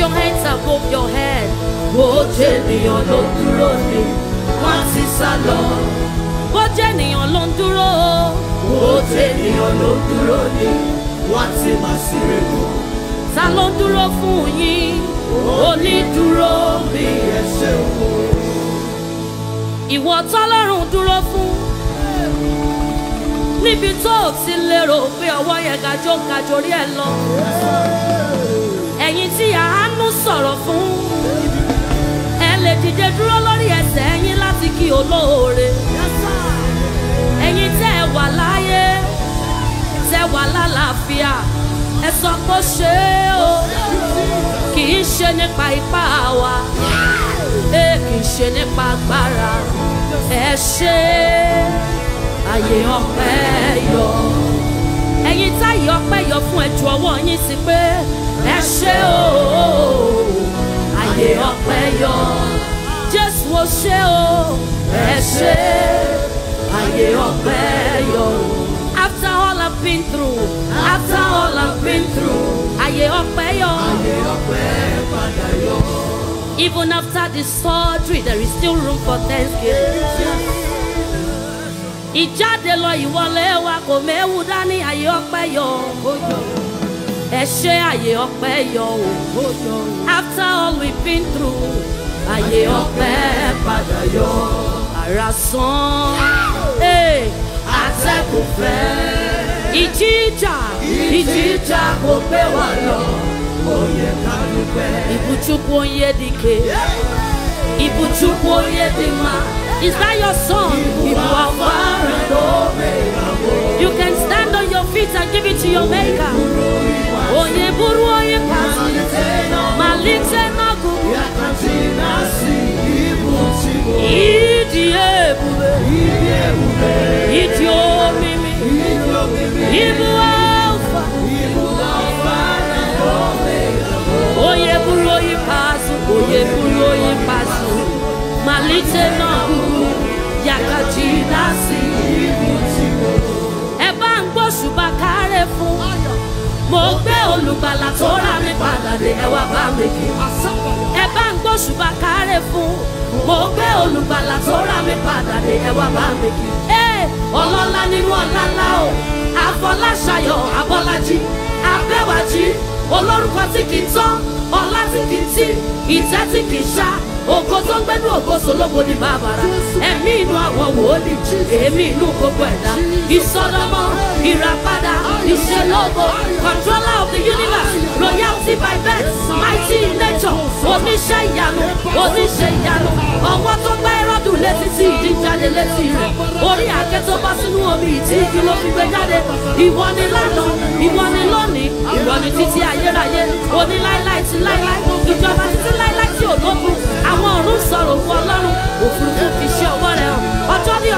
your hands up, hold your head. Bó jẹ́ ènìyàn ló ń dúró ni wọ́n ti sá lọ. Bó jẹ́ ènìyàn ló ń dúró. Bó jẹ́ ènìyàn ló ń dúró ni wọ́n ti máa ṣeré wò. Ta ló ń dúró fún yín? Onídùúró mi ẹ ṣe wò. Ìwọ tọ́lọ́run dúró fún. Níbi tó o ti lérò pé ọwọ́ yẹn gajó gajó rí ẹ lọ. Yeah. olóore ẹ̀yin tẹ́ ẹ wà láyé tẹ́ wà lálàáfíà ẹ sọ pé ó o kì í ṣe nípa ipá wa ẹ kì í ṣe nípa agbára ẹ ṣe àyè ọpẹ́ yọ ẹ̀yin táyì ọpẹ́ yọ fún ẹjọ ọwọ́ yín sí pé ẹ ṣe o àyè ọpẹ́ yọ o ṣé o ẹ ṣé ayé ọpẹ́ yọ. after all I've been through after all I've been through ayé ọpẹ́ yọ. ayé ọpẹ́ padà yọ. even after the surgery there is still room for thanksgiving. ìjáde lọ ìwọlé wa kò méwu dání ayé ọpẹ́ yọ ó yọ ẹ ṣé ayé ọpẹ́ yọ after all we've been through ayé ọpẹ́ padà yọ. Àrà sán. Atẹ́kùn fẹ́. Ìjì ìjà. Ìjì ìjà kò gbé wa lọ. Oyè ká dúpẹ́. Ìbùchukwu oyè dike. Ìbùchukwu oyè dima. Is that your song? Ibu awa and omega. You can stand on your feet and give it to your maker. Oyè buru oyè pa. Malite na gugu. Ìdí èbùbè, ìdí omimi, ìbú alfa, oye buru oyi paasu, oye buru oyi paasu, malite náà yakati nasi. Ẹ bá ń gbóṣùbà kárẹ̀ fún, mo gbé olùgbàlà tó rà mí padà dé, ẹ wá bá mi kí bá ń gbóṣùbà káre fún. mo gbé olùgbàlà tó rà mí padà dé ẹ bá mi kí. ọlọ́lá nínú ọ̀la o àfọláṣayọ̀ abọ́lájí abẹ́wàjí olórúkọ tí kì í tán ọlá tí kì í tí ìtẹ́ tí kì í ṣá ògo tó ń gbẹ́nu ògo sọlọ́gbọ́n ní bàbàrà ẹ̀mí inú àwọn wòlíì èmi inú gbogbo ẹ̀dá ìsọdọmọ ìràpadà ìṣelógo controller of the universe royal Forty by birth, mighty in nature, oníṣẹ́ ìyanu, oníṣẹ́ ìyanu. Ọwọ́ tó gbá ẹrọ́dùn létí tí ìdí jáde létí rẹ̀. Orí àké tó bá sínú omi ìtí igi ló fi gbé jáde. Ìwọ ni lánàá, ìwọ ni lónìí, ìwọ ni títí ayérayé. Oní láíláí ti láíláí, ìjọba títí láíláí tí ò lókun. Àwọn ọ̀run sọ̀rọ̀ fún Ọlọ́run, òfurufú fi ṣe ọwọ́ rẹ̀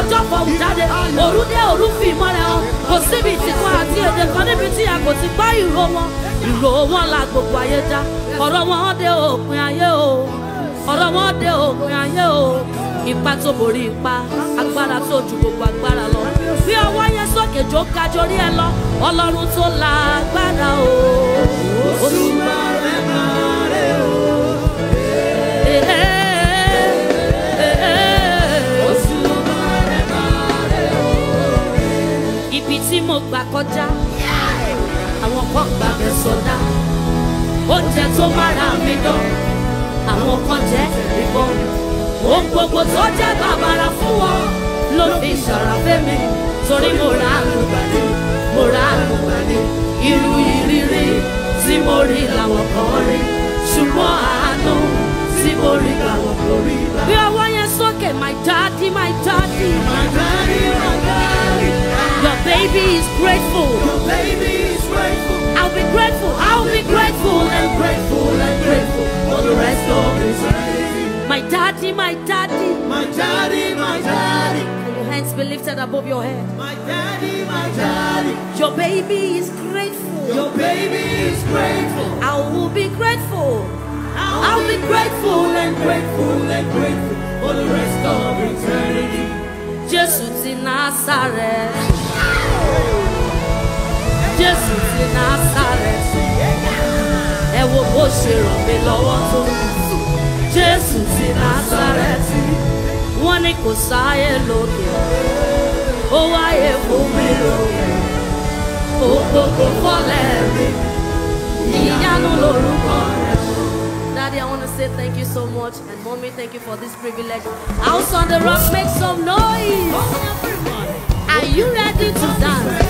ọjọ́ kan ò jáde òru dé òru fi ìmọ́lẹ̀ hàn kò síbi ìtìkọ́ àti èdè kan níbi tí a kò ti gbọ́ ìró wọn ìró wọn la gbogbo ayé já ọ̀rọ̀ wọn dé òpin ayé o ọ̀rọ̀ wọn dé òpin ayé o ipa tó borí ipa agbára tó ju gbogbo agbára lọ fi ọwọ́ yẹn sókè jó kájọ rí ẹ lọ ọlọ́run tó lágbára o. Olúwa. gbà kọjá àwọn kan gbà bẹ sọdá oúnjẹ tó mára mi dán àwọn kan jẹ ìbọn ohun gbogbo tó jẹ bàbàrà fún wọn ló fi ṣàràfẹ́ mi torí mo ra àgùnbàdé mo ra àgùnbàdé irú ìrírí tí mo rí làwọn kan rí ṣùgbọ́n àánú tí mo rí làwọn kò rí bí ọwọ́ yẹn sókè my daddy my daddy. baby is grateful. Your baby is grateful. I'll be grateful. I'll be grateful and grateful and grateful for the rest of his life. My daddy, my daddy. My daddy, my daddy. Can your hands be lifted above your head? My daddy, my daddy. Your baby is grateful. Your baby is grateful. I will be grateful. I'll, I'll be, be grateful and grateful and grateful for the rest of eternity. Jesus in Nazareth. Jésù ti Násárẹ́tì ẹ wo bó ṣe ràn mí lọ́wọ́ tó Jésù ti Násárẹ́tì wọ́n ní on the lókè òkòkò loke o waye oh, mi loke okoko oh, oh, oh, oh, oh, Daddy, I want to say thank you so much, and mommy, thank you for this privilege. House on the Rock, make some noise. Are you ready to dance?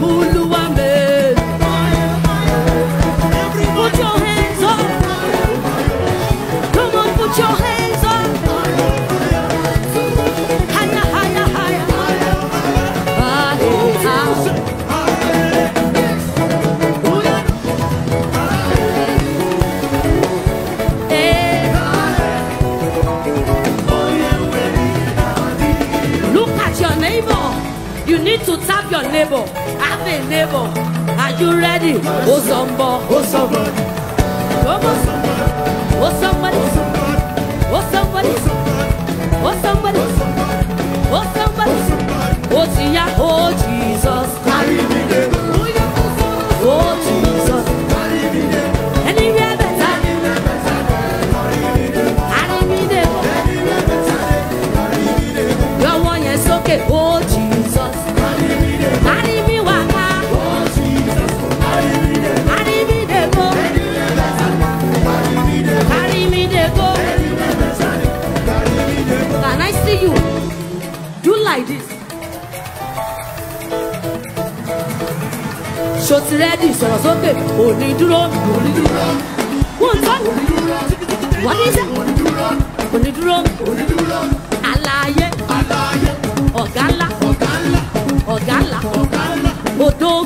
pulo You need to tap your neighbor. Have a neighbor. Are you ready? Oh, somebody. Oh, somebody. Oh, somebody. Oh, somebody. Oh, somebody. Oh, somebody. Oh, somebody. Oh, somebody! somebody! Oh Oh somebody! Oh somebody! sókè òní dúró òní dúró wọ́n tọ́ wọ́n ní sẹ́ òní dúró àlàyé ọ̀gá ńlá ọ̀gá ńlá odò.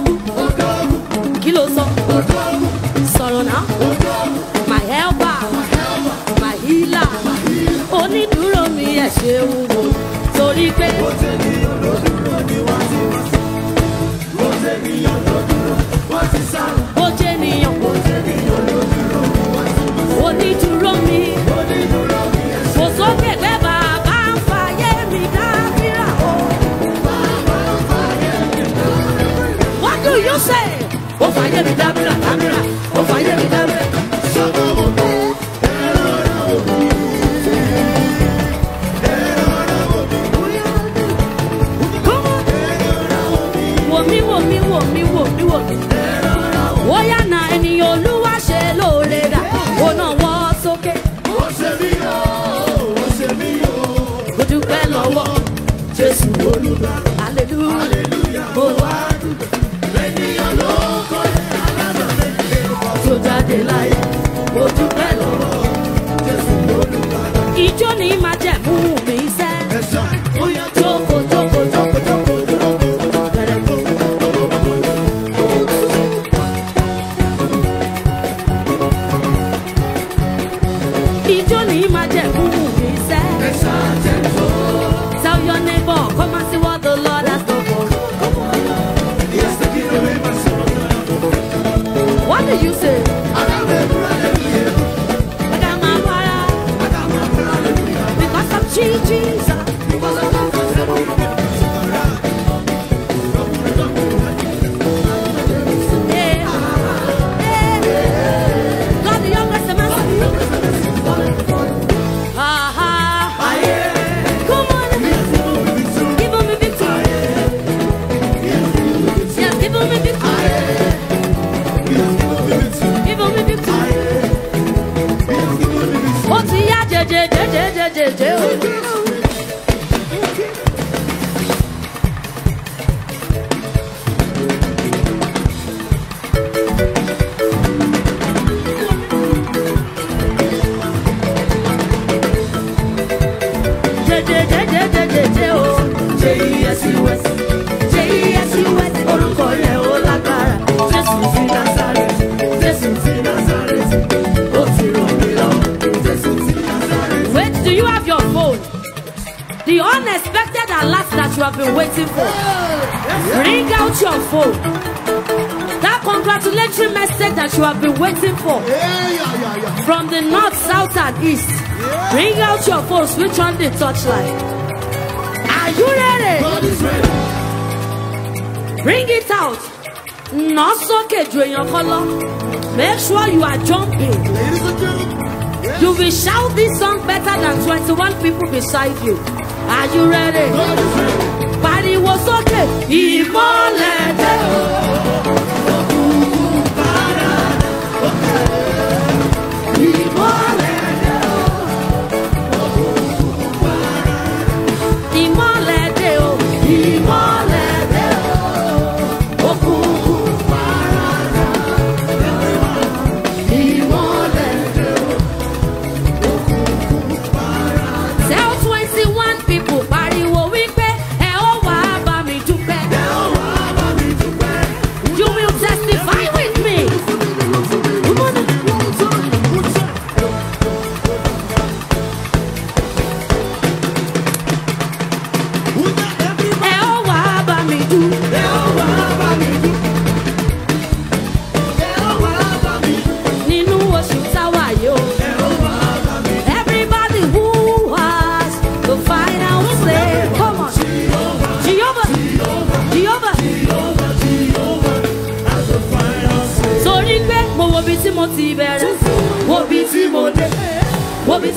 beautiful. Bring out your phone. That congratulatory message that you have been waiting for. From the north, south, and east. Bring out your phone. Switch on the touchline. Are you ready? God is ready. Bring it out. Not sókè in your kan Make sure you are jumping. Ladies and gentlemen. You will shout this song better than 21 people beside you. Are you ready? more.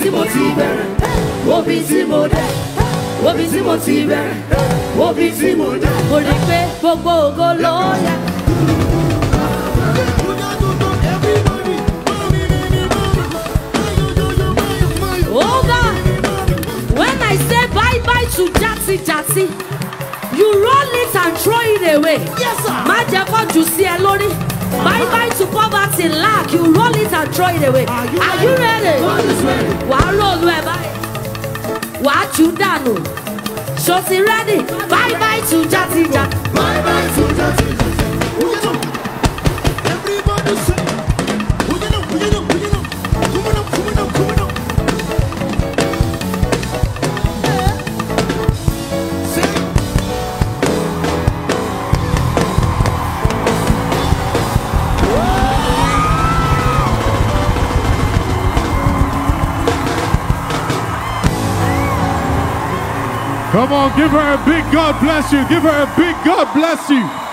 tí mo ti bẹ̀rẹ̀ obi tí mo dẹ̀ obi tí mo ti bẹ̀rẹ̀ obi tí mo dẹ̀. mo rí i pé gbogbo ògo ló yẹ. Oh when I say bye bye to Jati Jati, you roll it and throw it away. Yes, sir. Má jẹ́ kó jù sí ẹ lórí. Bye bye to poverty, lack. You roll it and throw it away. Are you, ready? Wàá ròlú ẹ̀ Bye. Wàá jù dànù. So ti ready? Bye bye to jàtijá. Bye bye to jàtijá. Everybody say. Come on, give her a big God bless you. Give her a big God bless you.